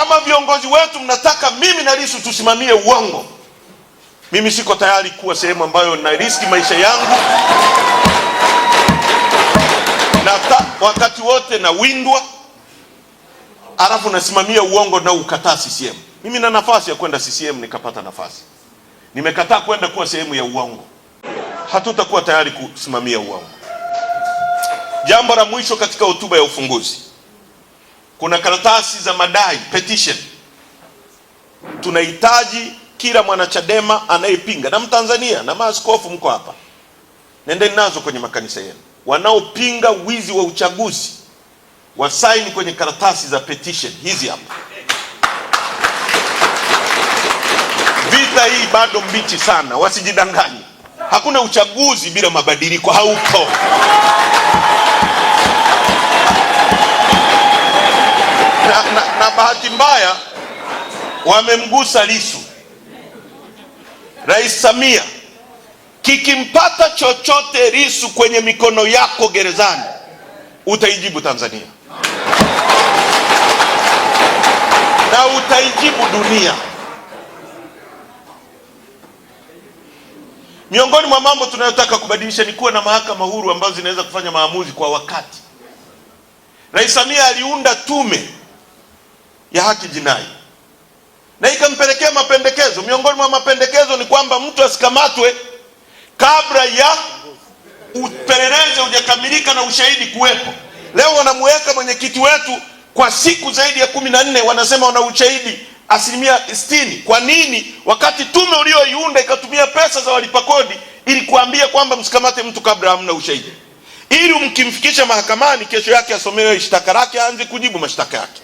Kama viongozi wetu mnataka mimi na Lissu tusimamie uongo, mimi siko tayari kuwa sehemu ambayo na riski maisha yangu na ta, wakati wote nawindwa alafu nasimamia uongo na ukataa CCM. Mimi na nafasi ya kwenda CCM nikapata nafasi, nimekataa kwenda kuwa sehemu ya uongo. Hatutakuwa tayari kusimamia uongo. Jambo la mwisho katika hotuba ya ufunguzi kuna karatasi za madai petition. Tunahitaji kila mwanachadema anayepinga na Mtanzania na maaskofu, mko hapa, nendeni nazo kwenye makanisa yenu. Wanaopinga wizi wa uchaguzi wasaini kwenye karatasi za petition hizi hapa. Vita hii bado mbichi sana, wasijidanganye. Hakuna uchaguzi bila mabadiliko, haupo. na bahati mbaya wamemgusa Lisu. Rais Samia, kikimpata chochote Lisu kwenye mikono yako gerezani, utaijibu Tanzania na utaijibu dunia. Miongoni mwa mambo tunayotaka kubadilisha ni kuwa na mahakama huru ambazo zinaweza kufanya maamuzi kwa wakati. Rais Samia aliunda tume ya haki jinai, na ikampelekea mapendekezo. Miongoni mwa mapendekezo ni kwamba mtu asikamatwe kabla ya upelelezi hujakamilika na ushahidi kuwepo. Leo wanamuweka mwenyekiti wetu kwa siku zaidi ya kumi na nne, wanasema wana ushahidi asilimia sitini. Kwa nini? Wakati tume ulioiunda ikatumia pesa za walipa kodi ili kuambia kwamba msikamate mtu kabla hamna ushahidi, ili mkimfikisha mahakamani, kesho yake asomewe ya shtaka lake, aanze kujibu mashtaka yake.